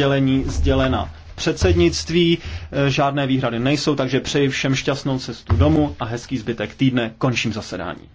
sdělení sdělena předsednictví. Eh, žádné výhrady nejsou, takže přeji všem šťastnou cestu domů a hezký zbytek týdne. Končím zasedání.